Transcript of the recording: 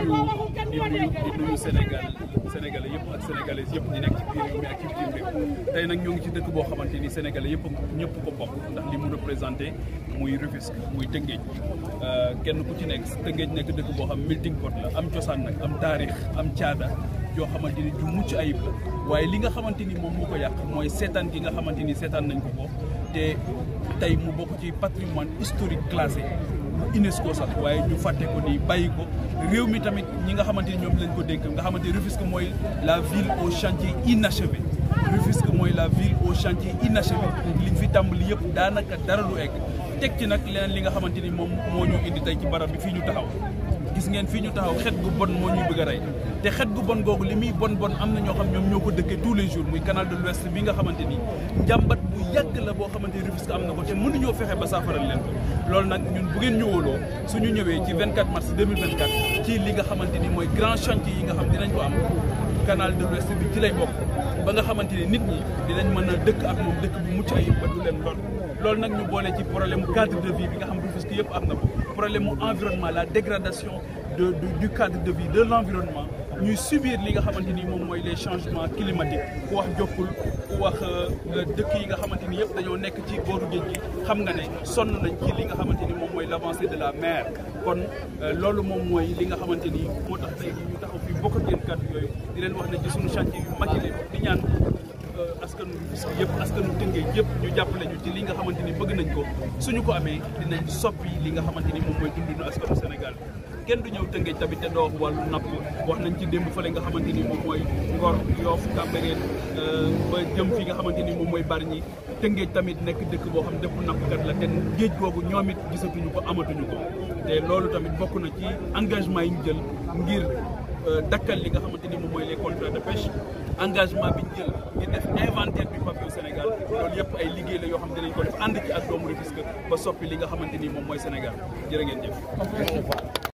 di nuyu Sénégal Sénégalais yëpp ak sénégalaises yëpp ñi nekk ci biir ak ci bitim réew tey nag ñoo ngi ci dëkk boo xamante ni sénégalais yëpp ñëpp ko bokk ndax li mu représenté muy Rufisque muy Tëngéej euh, kenn ku ci nekk Tëngéej nekk dëkk boo xam melting pot la am cosaan nag am taarix am caada yoo xamante ni ju mucc ayib la waaye li nga xamante ni moom moo ko yàq mooy seetaan gi nga xamante ni seetaan nañ ko ko te tey mu bokk ci patrimoine historique classé UNESCO sax waaye ñu fàtte ko nii bàyyi ko réew mi tamit ñi nga xamante ni ñoom lañ ko dénk nga xamante ni Rufisque mooy la ville au chantier inachevé Rufisque mooy la ville au chantier inachevé liñ fi tàmbali yëpp daanaka dara lu egg teg ci nag leneen li nga xamante ni moom moo ñu indi tey ci barab bi fii ñu taxaw gis ngeen fii ñu taxaw xet gu bon moo ñuy bëgg a rey te xet gu bon googu li muy bon bon am na ñoo xam ñoom ñoo ko dëkkee tous les jours muy canal de l'ouest bi nga xamante njàmbat bu yàgg la boo xamante ni Rufisque am na ko te mënuñoo fexe ba saafaral leen ko loolu nag ñun bu ngeen ñëwaloo suñu ñëwee ci 24 mars 2024 ci li nga xamante mooy grand chantier yi nga ko am canal de l'ouest bi ci lay bokk ba nga xamante ni nit ñi dinañ mën a dëkk ak moom dëkk bu mucc ayib ba du leen lool loolu nag ñu boole ci problème cadre nga xam yëpp am na ko problème mu environnement la dégradation de du cadre de vie de l'environnement ñuy subir li nga xamante ni moom mooy les changements climatiques ku wax jokkul ku wax euh, euh, dëkk yi nga xamante ni yëpp dañoo nekk ci booru géej gi xam nga ne sonn nañ ci li nga xamante ni moom mooy l'avancée de la mer kon euh, loolu moom mooy li nga xamante ni moo tax tey ñu fi bokk ak yéen yooyu di leen wax ne ci suñu chantier yu yi leen di ñaan askanu Rufisque yëpp askanu Tëngéej yëpp ñu jàppale ñu ci li nga xamante ni bëgg nañ ko suñu ko amee dinañ soppi li nga xamante ni moom mooy dundinu askanu Sénégal kenn du ñëw Tëngéej tamit te doo wax wàllu napp wax nañ ci démb fële nga xamante ni moom mooy Ngor Yoof Cambérène euh, ba jëm fi nga xamante ni moom mooy Bargny Tëngéej tamit nekk dëkk boo xam dëkku nappkat la te géej googu ñoom it gisatuñu ko amatuñu ko te loolu tamit bokk na ci engagement yi ñu jël ngir Euh, dakkal li nga xamante ni moom mooy les contrats de pêche engagement bi ñu jël di def inventaire du papillon Sénégal loolu ay liggéey la yoo xam ne dañ ko def ànd ci ak doomu Rufisque ba soppi li nga xamante ni moom mooy Sénégal jërë ngeen jëf.